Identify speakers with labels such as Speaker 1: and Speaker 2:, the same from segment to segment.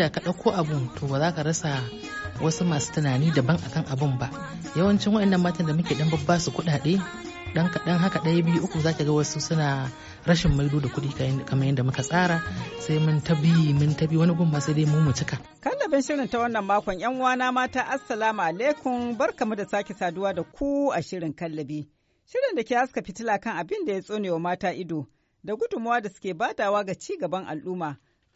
Speaker 1: da ka ɗauko abun to ba za ka rasa wasu masu tunani daban akan abun ba yawancin waɗannan matan da muke dan babba su kuɗaɗe dan kaɗan haka ɗaya biyu uku za ga wasu suna rashin maido da kuɗi kamar yadda muka tsara sai mun ta bi mun ta bi wani gumma sai dai mu mu cika. Kallabin shirin ta wannan makon yan uwana mata assalamu alaikum barkamu
Speaker 2: da sake saduwa da ku a shirin kallabi. Shirin da ke haska fitila kan abin da ya tsonewa mata ido da gudunmawa da suke badawa ga ci gaban al'umma.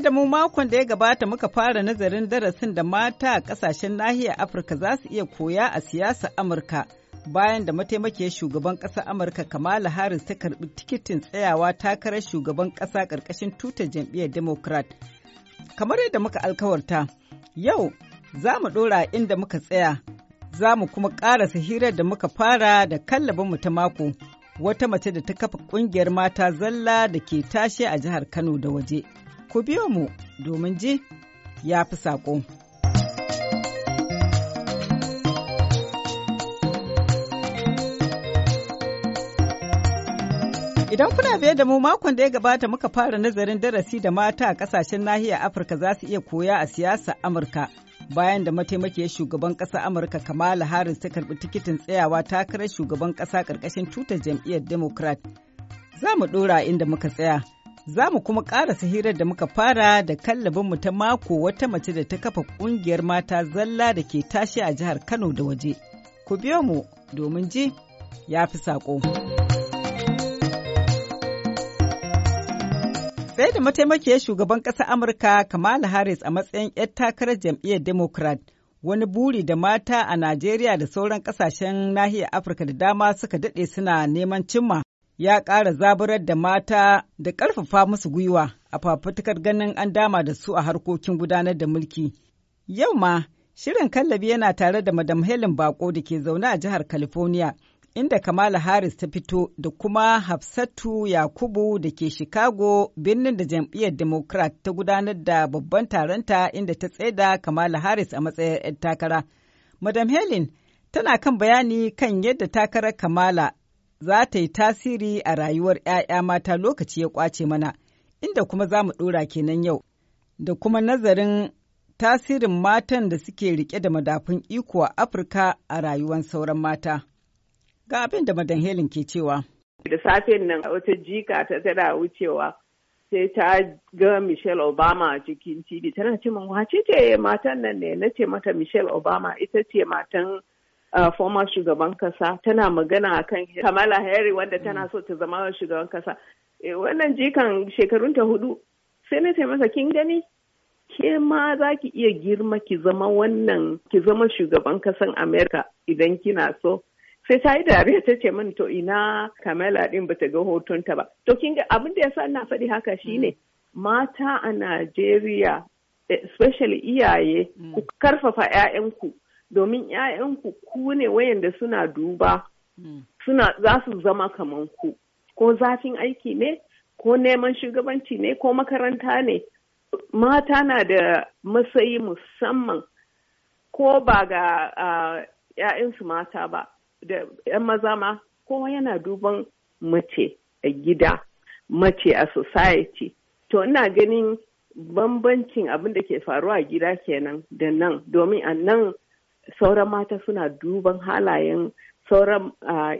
Speaker 2: da mu makon da ya gabata muka fara nazarin darasin da mata a kasashen nahiyar Afirka za su iya koya a siyasar Amurka bayan da mataimakiyar shugaban ƙasar Amurka Kamala Harris ta karɓi tikitin tsayawa takarar shugaban ƙasa ƙarƙashin tutar jam'iyyar Democrat. Kamar yadda muka alkawarta, yau za mu ɗora inda muka tsaya, za mu kuma ƙarasa hirar da muka fara da kallabinmu ta mako. wata mace da ta kafa ƙungiyar mata zalla da ke tashe a jihar Kano da waje. ku biyo mu domin ji ya fi saƙo. Idan kuna biye da mu makon da ya gabata muka fara nazarin darasi da mata a ƙasashen nahiyar Afirka za su iya koya a siyasa Amurka bayan da mataimakiyar shugaban ƙasa Amurka Kamala Harris ta karɓi tikitin tsayawa takarar shugaban ƙasa ƙarƙashin tutar jam'iyyar Democrat. Za mu ɗora inda muka tsaya. Za mu kuma ƙarasa hirar da muka fara da kallabin mu ta mako wata mace da ta kafa ƙungiyar mata zalla da ke tashi a jihar Kano da waje. Ku biyo mu domin ji ya fi saƙo. Sai da mataimakiyar shugaban ƙasa Amurka Kamala Harris a matsayin 'yar takarar jam'iyyar Democrat wani buri da mata a Najeriya da sauran ƙasashen nahiyar Afirka da dama suka daɗe suna neman cimma. ya ƙara zaburar da mata da ƙarfafa musu gwiwa a fafutukar ganin an dama da su a harkokin gudanar da mulki. Yau ma, shirin kallabi yana tare da Madam Helen Bako da ke zaune a jihar California, inda Kamala Harris ta fito da kuma Hafsatu Yakubu da ke Chicago birnin da jam'iyyar Democrat ta gudanar da babban taronta inda ta tsaida Kamala Harris a matsayin 'yan takara. Madam Helen tana kan bayani kan yadda takarar Kamala za ta yi tasiri a rayuwar 'ya'ya mata lokaci ya kwace mana, inda kuma za mu ɗora kenan yau, da kuma nazarin tasirin matan da suke riƙe da madafun iko a Afirka a rayuwar sauran mata. Ga abin da Madan Helen ke cewa.
Speaker 3: Da safen nan wata jika ta tana wucewa sai ta ga Michelle Obama a cikin TV tana ce min wace ce matan nan ne na ce mata Michelle Obama ita ce matan uh, former shugaban kasa tana magana akan Kamala Harris wanda tana mm. so ta zama shugaban kasa eh, wannan jikan shekarun ta hudu sai na ce masa kin gani ke ma za ki iya girma ki zama wannan ki zama shugaban kasan Amerika idan kina so sai ta yi dariya ta ce min to ina Kamala din bata ga hotonta ba to kin ga abin da ya sa ina faɗi haka shine mm. mata a Najeriya especially iyaye ku mm. karfafa 'ya'yanku domin 'ya'yanku ku ne wayanda suna duba hmm. suna za su zama kaman ku ko zafin aiki ne ko neman shugabanci ne ko makaranta ne mata na da matsayi musamman ko ba ga uh, 'ya'yansu mata ba da 'yan maza ma kowa yana duban mace a gida mace a society to ina ganin bambancin abin da ke faruwa a gida kenan da nan domin a nan sauran mata suna duban halayen sauran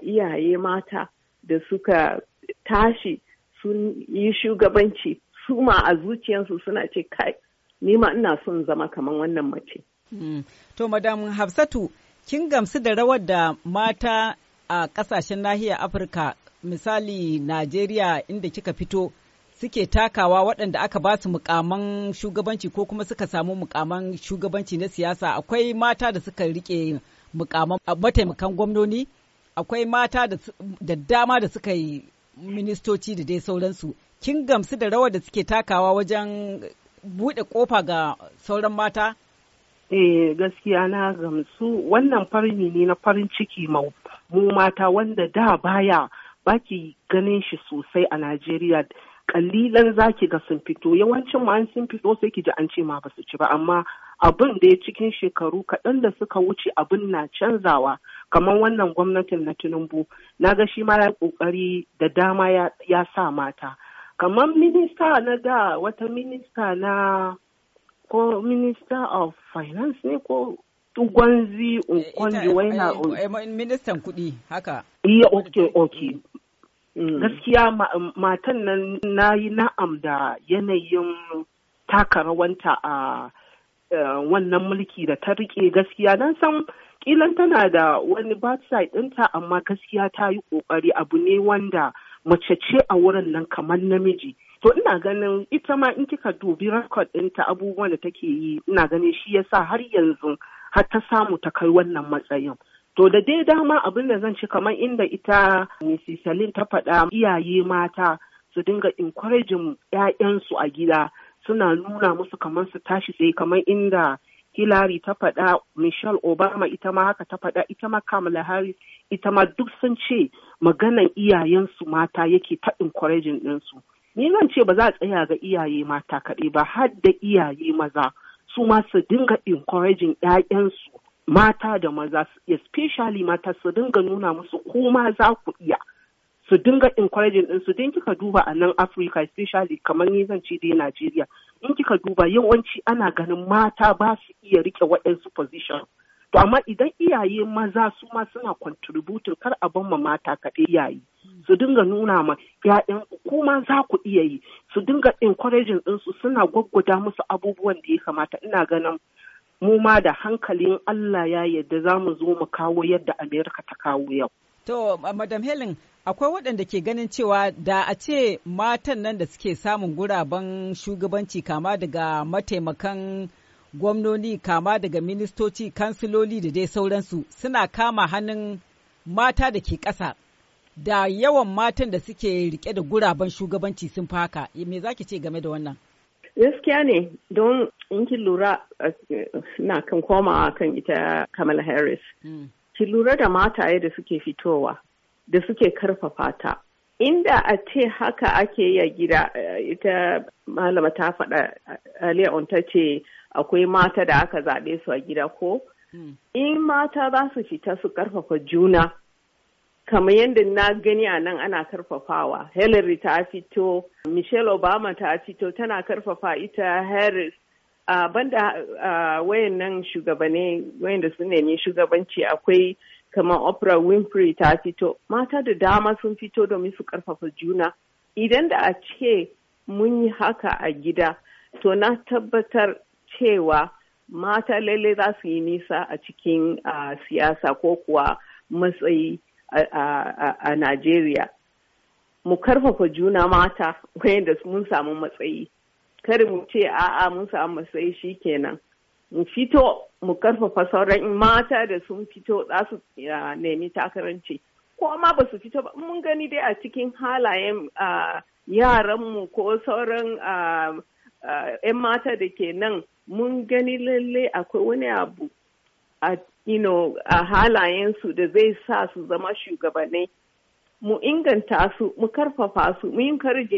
Speaker 3: iyaye mata da suka tashi sun yi shugabanci su ma a zuciyarsu suna ce kai ni ma ina son zama kamar wannan mace. Hmm.
Speaker 2: To madam Hafsatu kin gamsu da rawar da mata a kasashen nahiyar Afirka misali Najeriya inda kika fito suke takawa waɗanda aka ba su mukaman shugabanci ko kuma suka samu mukaman shugabanci na siyasa akwai mata da suka rike mukaman mataimakan gwamnoni akwai mata da dama da suka yi ministoci da dai sauransu kin gamsu da rawar da suke takawa wajen buɗe kofa ga sauran mata
Speaker 4: eh gaskiya na gamsu wannan farni ne na farin ciki mu mata wanda da baya baki ganin shi sosai a najeriya kalilan zaki ga sun fito yawancin ma an sun fito sai ki ji an ce ma ba su ci ba amma abin da ya cikin shekaru kaɗan da suka wuce abin na canzawa kamar wannan gwamnatin na tinubu na ga shi ma ya ƙoƙari da dama ya sa mata kamar minista na da wata minista na ko minister of finance ne ko Tugwanzi eh, Nkwanzi Waina eh, eh, Ministan kuɗi haka. Iya, ok, oke Mm. Gaskiya matan nan na yi na'am da yanayin taka rawanta a wannan mulki da ta rike gaskiya don san kilan tana da wani bad dinta, amma gaskiya ta yi ƙoƙari abu ne wanda mace ce a wurin nan kamar namiji. to ina ganin ita ma in kika dubi record dinta abubuwan da take yi ina ganin shi yasa har yanzu har ta samu ta kai wannan matsayin To da dai dama abin da zan ci kamar inda ita Mrs. Salim ta faɗa iyaye mata su dinga encouraging 'ya'yansu a gida suna nuna musu kamar su tashi tsaye kamar inda Hillary ta faɗa Michelle Obama ita ma haka ta faɗa ita ma Kamala Harris ita ma duk sun ce maganan iyayensu mata yake ta encouraging ɗinsu. Ni zan ce ba za a tsaya ga iyaye mata kaɗai ba har da iyaye maza su ma su dinga encouraging 'ya'yansu mata da maza especially mata su dinga nuna musu kuma za ku iya su dinga encouraging din su din kika duba a nan Africa especially kamar ni zan ce dai Najeriya in kika duba yawanci ana ganin mata ba su iya rike waɗansu position to amma idan iyaye maza su ma suna contributing kar a ban mata kaɗai iyaye su dinga nuna ma ‘ya'yan kuma za ku iya yi su dinga encouraging su suna gwaggwada musu abubuwan da ya kamata ina ganin mu ma da hankalin Allah ya yadda za mu zo mu kawo yadda Amerika ta kawo yau.
Speaker 2: To, uh, Madam Helen, akwai waɗanda ke ganin cewa da a ce matan nan da suke samun guraben shugabanci kama daga mataimakan gwamnoni kama daga ministoci kansiloli da dai sauransu suna kama hannun mata da ke ƙasa da yawan matan da suke rike da guraben shugabanci sun fi haka me ki ce game da wannan
Speaker 3: Gaskiya ne don in ki lura eh, na kan komawa kan ita Kamala Harris. Hmm. Ki lura da mataye da suke fitowa, da suke karfafa ta. Inda a ce haka ake yi a gida eh, ita malama ta faɗa eh, Leon ta ce akwai mata da aka zaɓe su a gida ko? Hmm. In mata za su fita su karfafa juna. kamar yadda na gani a nan ana karfafawa hillary ta fito michelle obama ta fito tana karfafa ita harris a uh, banda uh, wayan nan shugabane wayanda su nemi shugabanci akwai kamar oprah winfrey ta fito mata da dama sun fito domin su karfafa juna idan da a ce mun yi haka a gida to na tabbatar cewa mata lalle za su yi nisa a cikin uh, siyasa ko kuwa matsayi a Najeriya. Mu karfafa juna mata wayanda mun samu matsayi. Kar mu ce a'a mun samu matsayi shi kenan. Mu fito mu karfafa sauran mata da sun fito za su nemi takaranci. Ko ma ba su fito ba mun gani dai a cikin halayen yaran mu ko sauran 'yan mata da ke nan mun gani lalle akwai wani abu a you know, a halayensu da zai sa su zama shugabanni mu inganta su mu karfafa su mu yi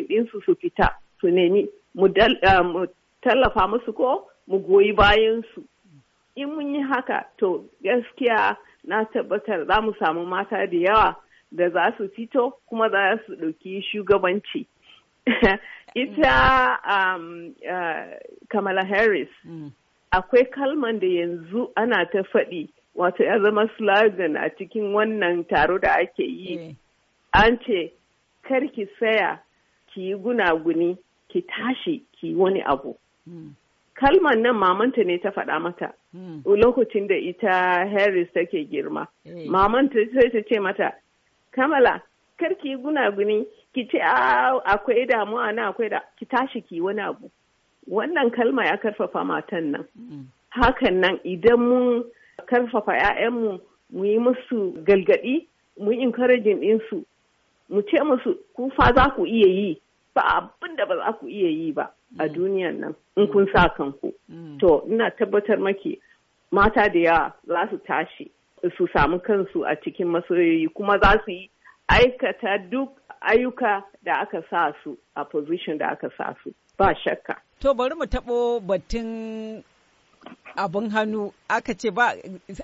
Speaker 3: ɗinsu su fita su nemi mu tallafa musu ko mu goyi bayansu? in mun yi haka to gaskiya na tabbatar za mu samu mata da yawa da za su fito kuma za su ɗauki shugabanci ita um, uh, kamala harris mm. akwai kalman da yanzu ana ta faɗi wato ya zama slogan a cikin wannan taro da ake yi eh. an ce kar ki saya ki yi gunaguni ki tashi ki wani abu hmm. kalman nan mamanta ne ta faɗa mata hmm. lokacin da ita harris take girma eh. mamanta sai ta ce mata kamala kar ki yi gunaguni ki ce akwai damuwa na akwai da ki tashi ki wani abu wannan kalma ya karfafa matan nan mm. hakan nan idan mun karfafa 'ya'yanmu mu yi musu galgadi mu yi encouraging ɗinsu mu ce musu kufa fa za ku iya yi ba abin da ba za ku iya yi ba a mm. duniyan nan in kun sa kanku mm. to ina tabbatar maki mata da yawa za su tashi su samu kansu a cikin masoyoyi kuma za su yi aikata duk ayyuka da aka sa su a position da aka sa su ba shakka To bari
Speaker 2: mu taɓo batun abin hannu aka ce ba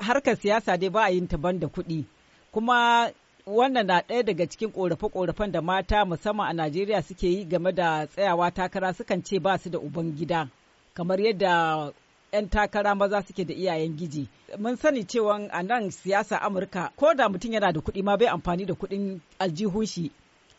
Speaker 2: harkar siyasa dai ba a yin taban da kuɗi. Kuma wannan na ɗaya daga cikin ƙorafe-ƙorafen da mata musamman a Najeriya suke yi game da tsayawa takara sukan ce ba su da uban gida. Kamar yadda 'yan takara maza suke da iyayen giji. Mun sani cewa a nan siyasa Amurka ko da mutum yana da kuɗi ma bai amfani da kuɗin aljihun shi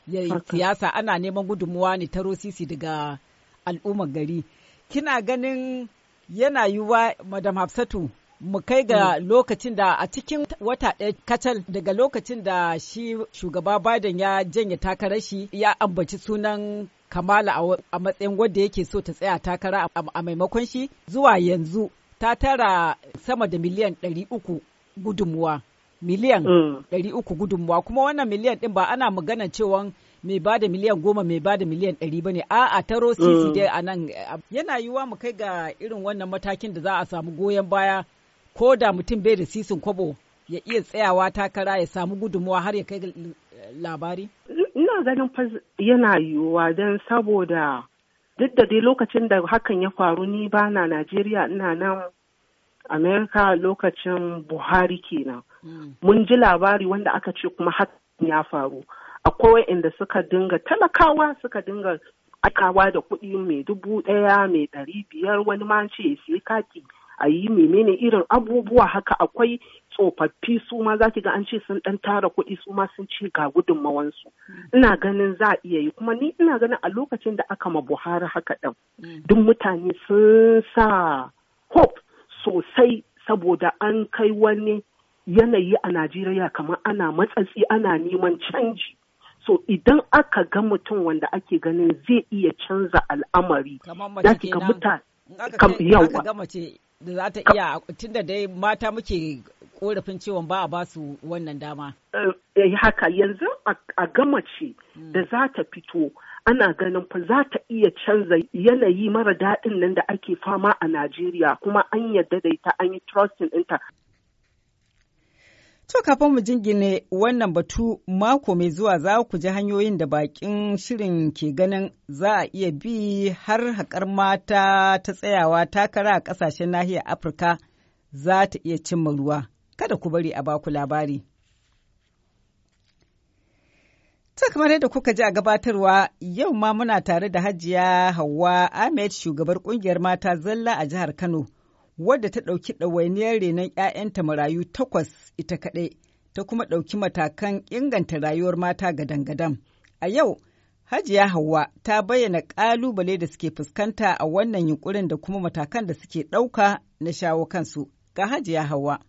Speaker 2: ya siyasa ana neman gudunmuwa ne ta rosisi daga al'ummar gari kina ganin yana yiwuwa madam hafsatu mu kai ga mm. lokacin da a cikin wata ɗaya kacal daga lokacin da shi shugaba Biden ya janye takarar shi ya ambaci sunan Kamala a matsayin wadda yake so ta tsaya takara a maimakon shi zuwa yanzu ta tara sama da miliyan 300 gudunmuwa. Miliyan 300 mm. gudunmuwa kuma wannan miliyan ɗin ba ana maganan cewa mai ba da miliyan goma mai ba da miliyan ɗari ba ne a'a taro mm. sisi dai a nan eh, yana yiwuwa mu kai ga irin wannan matakin da za a samu goyon baya ko da mutum bai da sisin kwabo ya iya tsayawa takara ya samu gudunmuwa har ya kai ga eh, labari?
Speaker 4: Ina ganin fa yana yiwuwa don saboda duk da dai lokacin da hakan ya faru ni ba na Najeriya ina nan Amerika lokacin Buhari kenan. Mm. Mun ji labari wanda aka ce kuma hakan ya faru. akwai waɗanda suka dinga talakawa suka dinga akawa da kuɗi mai dubu ɗaya mai ɗari biyar wani ma ce sai kati a yi menene irin abubuwa haka akwai tsofaffi su ma za ki ga an ce sun ɗan tara kuɗi su ma sun ci ga gudunmawansu mm. ina ganin za a iya yi kuma ni ina ganin a lokacin da aka ma buhari haka ɗan. Mm. duk mutane sun sa hope sosai saboda an kai wani yanayi a Najeriya kamar ana matsatsi ana neman canji So idan aka ga mutum wanda ake ganin zai iya canza al'amari, za ki ga mutane.
Speaker 2: mata muke korafin ciwon ba a ba su wannan dama.
Speaker 4: Eh, eh, haka yanzu a gama hmm. da za ta fito ana ganin fa za ta iya canza yanayi mara daɗin nan da ake fama a Najeriya kuma an yarda da ita an yi trusting ɗinta
Speaker 2: To kafin mu jingine wannan batu mako mai zuwa za ku ji hanyoyin da bakin shirin ke ganin za a iya bi har haƙar mata ta tsayawa takara a ƙasashen nahiyar Afirka za ta iya cimma ruwa. Kada ku bari a baku labari. Ta kamar yadda kuka ji a gabatarwa yau ma muna tare da hajiya Hauwa Ahmed shugabar ƙungiyar mata zalla a jihar Kano. wadda ta ɗauki ɗawainiyar renon 'ya'yanta marayu takwas ita kaɗai, ta kuma ɗauki matakan inganta rayuwar mata gadan-gadan. A yau, Hajiya Hauwa ta bayyana ƙalubale da suke fuskanta a wannan yunkurin da kuma matakan da suke ɗauka na shawo kansu. Ga Hajiya Hauwa.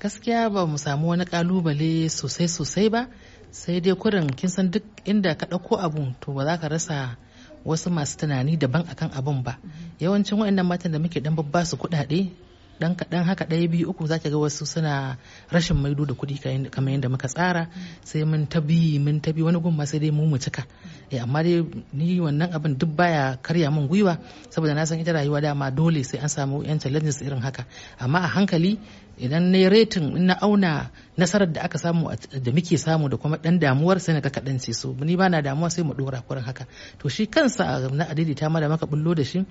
Speaker 2: Gaskiya
Speaker 1: ba mu samu wani ƙalubale sosai-sosai ba, sai dai kurin kin san duk inda ka ɗauko abu to ba za ka rasa wasu masu tunani daban akan abin ba yawancin waɗannan matan da muke dan babba su kuɗaɗe dan kaɗan haka ɗaya biyu uku zaki ga wasu suna rashin maido da kuɗi kamar yadda muka tsara sai mun tabi mun tabi wani gun ma sai dai mu mu cika eh amma dai ni wannan abin duk baya karya min gwiwa saboda na san ita rayuwa dama dole sai an samu yan challenges irin haka amma a hankali idan na yi retin na auna nasarar da aka samu da muke samu da kuma dan damuwar sai na kaɗan ce so ni ba na damuwa sai mu dora kurin haka to shi kansa na adidi ta mara maka bullo da shi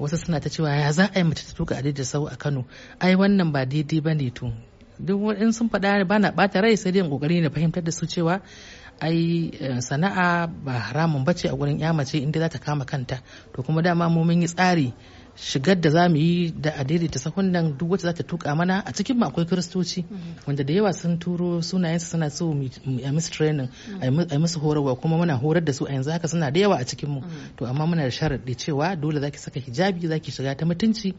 Speaker 1: wasu suna ta cewa ya za a yi mace ta tuka adidi sau a Kano ai wannan ba daidai ba ne to duk in sun faɗa ba na ɓata rai sai dai kokari na fahimtar da su cewa ai eh, sana'a ba haramun bace a gurin ya mace inda za ta kama kanta to kuma dama mu mun yi tsari shigar da za mu yi da a daidaita sahun nan duk wacce za ta tuka mana a cikin mu akwai kiristoci mhm. wanda da yawa sun turo sunayensu suna so a musu training a musu horarwa kuma muna horar da su a yanzu haka suna da yawa a cikin mu mhm. to amma muna da sharaɗi cewa dole zaki saka hijabi zaki shiga ta mutunci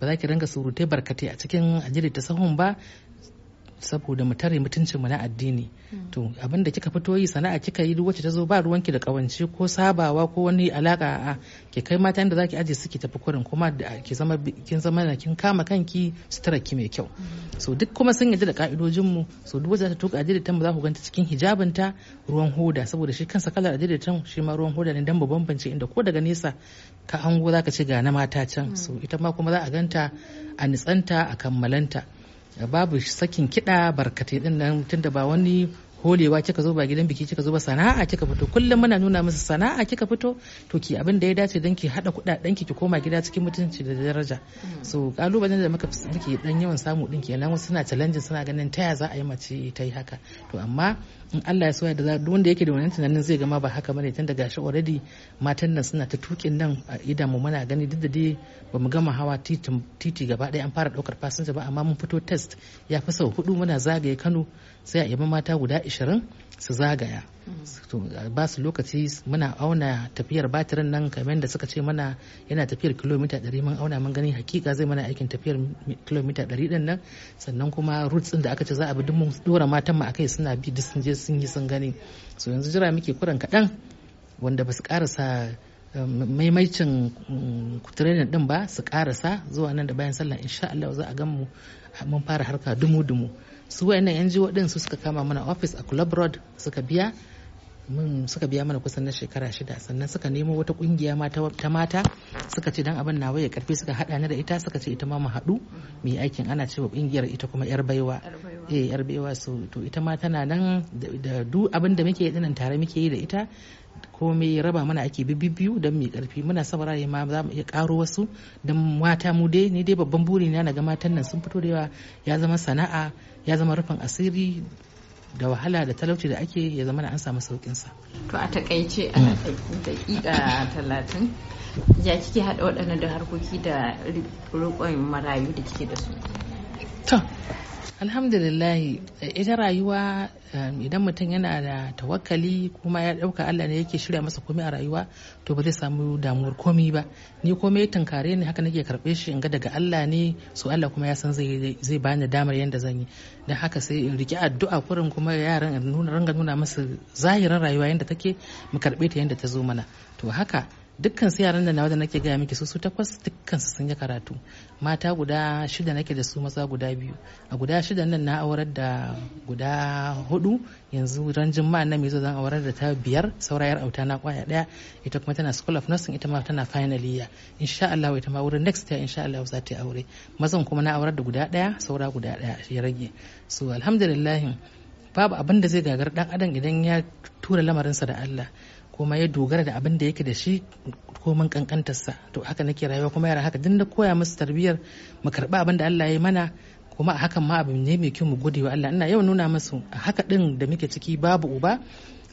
Speaker 1: ba za ki ringa surutai barkatai a cikin a sahun ba saboda mu tare mutuncin mu na addini hmm. to abin da kika fito yi sana'a kika yi duk wacce ta zo ba ki da kawance ko sabawa ko wani alaka a ke kai mata inda zaki aje suke tafi kurin kuma ki zama kin zama na kin kama kanki sutura ki mai kyau hmm. so duk kuma sun yaji da ka'idojin mu so duk wacce ta tuka ta mu za ku ganta cikin ta ruwan hoda saboda shi kansa kalar ta shi ma ruwan hoda ne dan mu bambance inda ko daga nesa ka hango zaka ce ga na mata can hmm. so ita ma kuma za a ganta a nitsanta a kammalanta babu sakin kiɗa barkatai ɗin nan tunda ba wani holewa kika zo ba gidan biki kika zo ba sana'a kika fito kullum muna nuna musu sana'a kika fito to ki abin da ya dace dan ki hada kudaden ki ki koma gida cikin mutunci da daraja mm. so kalubalen da muka muke dan yawan samu din kenan wasu suna challenge suna ganin taya za a yi mace ta yi haka to amma in Allah ya so da duk wanda yake da wannan tunanin zai gama ba haka bane tun daga shi already matan nan suna ta tukin nan a idan mu muna gani duk da dai ba mu gama hawa titi gaba ɗaya an fara ɗaukar fasinja ba amma mun fito test ya fi sau hudu muna zagaye Kano sai a yaba mata guda ashirin su zagaya ba su lokaci muna auna tafiyar batirin nan kamar da suka ce mana yana tafiyar kilomita 100 mun auna mun gani hakika zai mana aikin tafiyar kilomita 100 din nan sannan kuma routes din da aka ce za a bi duk mun dora matan mu akai suna bi duk sun je sun yi sun gani so yanzu jira muke kuran kaɗan wanda ba su karasa um, maimaicin um, training din ba su karasa zuwa nan da bayan sallah insha Allah za a gan mu mun fara harka dumu-dumu su wayannan NGO din su suka kama mana office a Club Road suka biya mun suka biya mana kusan na shekara shida sannan suka nemo wata kungiya ta mata suka ce dan abin na karfi suka hada ni da ita suka ce ita ma mu hadu mu yi aikin ana cewa kungiyar ita kuma yar baiwa eh yar baiwa so to ita ma tana nan da duk abin da muke yi dinan tare muke yi da ita ko me raba mana ake biyu don mai karfi muna saurayi ma za mu iya karo wasu don mata mu dai ni dai babban buri na ga matan nan sun fito da yawa ya zama sana'a ya zama rufin asiri da wahala da talauci da ake ya zama an samu saukin sa to a
Speaker 3: takaice a mm. daƙiƙa talatin ya kike haɗa waɗannan da harkoki da roƙon marayu da kike da su to
Speaker 1: alhamdulillahi ita rayuwa um, idan mutum yana da tawakkali kuma ya dauka Allah ne yake shirya masa komai a rayuwa to ba zai samu damuwar komai ba ni komai ya tunkare ni haka nake karbe shi in ga daga Allah ne so Allah kuma ya san zai zai bani damar yanda zan yi dan haka sai in riki addu'a kurin kuma yaran in nuna ranga nuna masa zahirin rayuwa yanda take mu karbe ta yanda ta zo mana to haka dukkan su yaran da nawa da nake gaya miki su su takwas dukkan su sun yi karatu mata guda shida nake da su maza guda biyu a guda shida nan na aurar da guda hudu yanzu ranjin ma na zo zan aurar da ta biyar saurayar auta na kwaya daya ita kuma tana school of nursing ita ma tana final year insha Allah ita ma wurin next year insha Allah za ta aure mazan kuma na aurar da guda daya saura guda daya ya rage so alhamdulillah babu abin da zai gagar dan adam idan ya tura lamarinsa da Allah kuma ya dogara da abin da yake da shi komin kankantarsa to haka nake rayuwa kuma yara haka dinda koya musu tarbiyyar mu karba abin da Allah ya mana kuma a hakan ma abin ne mai kyau mu gode wa Allah ina yau nuna musu a haka din da muke ciki babu uba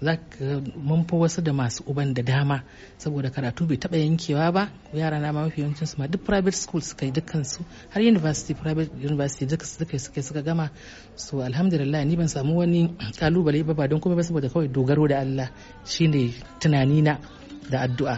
Speaker 1: Za ka mun fi wasu da masu uban da dama saboda karatu bai taba yankewa ba yara na ma mafi yawancin su ma duk private school suka yi dukkan har university private university duka suka suka suka gama so alhamdulillah ni ban samu wani kalubale ba ba don kuma ba saboda kawai dogaro da Allah shine tunani na da addu'a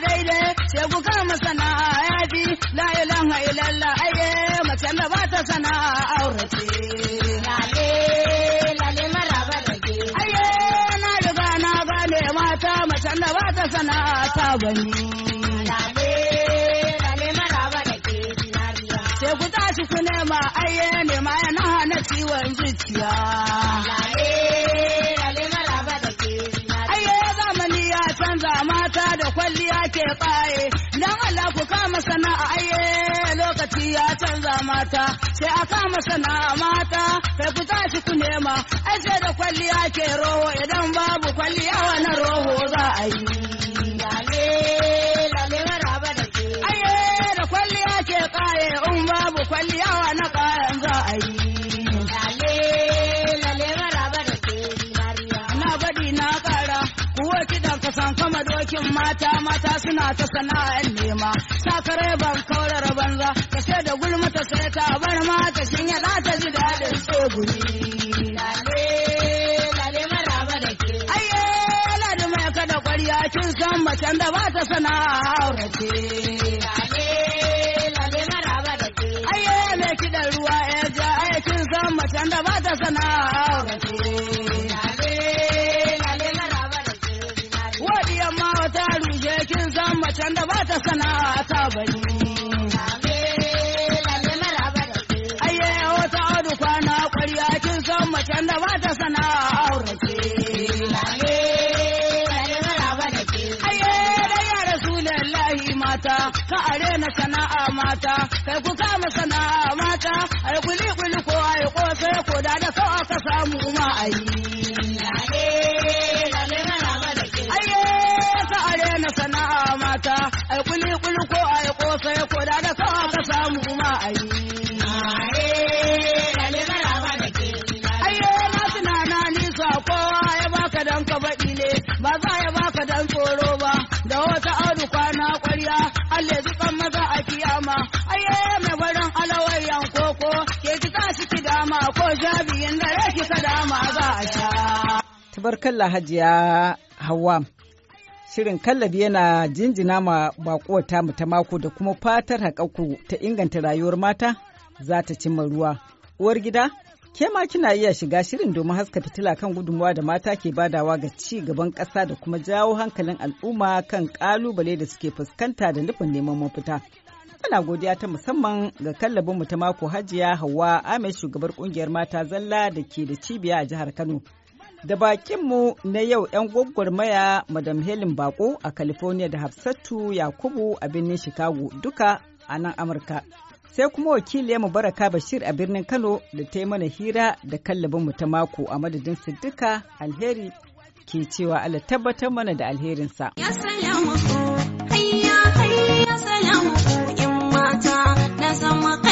Speaker 5: maraba ne. Sai ku tashi ku nema aiye nema yana hana ciwon zuciya. Aiye zamani ya canza mata da kwalliya ke baye. Dan Allah ku kama sana'a aiye lokaci ya canza mata. Sai a kama sana'a mata sai ku tashi ku nema. Ai sai da kwalliya ke roho idan babu kwalliya wani roho za a yi. kwalliya na kayan za a yi. Lale, lale maraba da keri mariya. Na badi na kara, kuwa kidan ka san kama dokin mata mata suna ta sana'ar nema. Sakare ban kaurar banza, ka ce da gulma ta sai ta bar ma ta shinya za ta ji daɗin tsoguri. Lale, lale maraba da keri. Ayye, ladi mai kada kwarya kin san macen da ba ta sana'a aurace. macen da ba ta sana'a ga ce. Wadiyan ma wata ruje kin san macen da ta sana'a ta bari. macen da ba ta sana'a Aye, da ya lallahi mata, ka are na sana'a mata, kai kuka
Speaker 2: tabar kalla hajiya hawa shirin kallabi yana jinjina ma bakuwata mu ta mako da kuma fatar haƙaƙu ta inganta rayuwar mata za ta cimma ruwa uwar gida ke ma kina iya shiga shirin domin haska fitila kan gudunmawa da mata ke badawa ga ci gaban ƙasa da kuma jawo hankalin al'umma kan ƙalubale da suke fuskanta da nufin neman mafita. ana godiya ta musamman ga kallabinmu ta mako hajiya Hauwa Ahmed shugabar kungiyar mata zalla da ke da cibiya a jihar Kano. Da bakinmu na yau 'yan gwaggwarmaya Madam Helen Bako a California da Hafsatu Yakubu a birnin Chicago duka a nan Amurka. Sai kuma wakili ya mu Baraka Bashir a birnin Kano da ta yi mana hira da kallabinmu ta mako a madadin su duka alheri ke cewa Allah tabbatar mana da alherinsa. Ya
Speaker 5: salamu,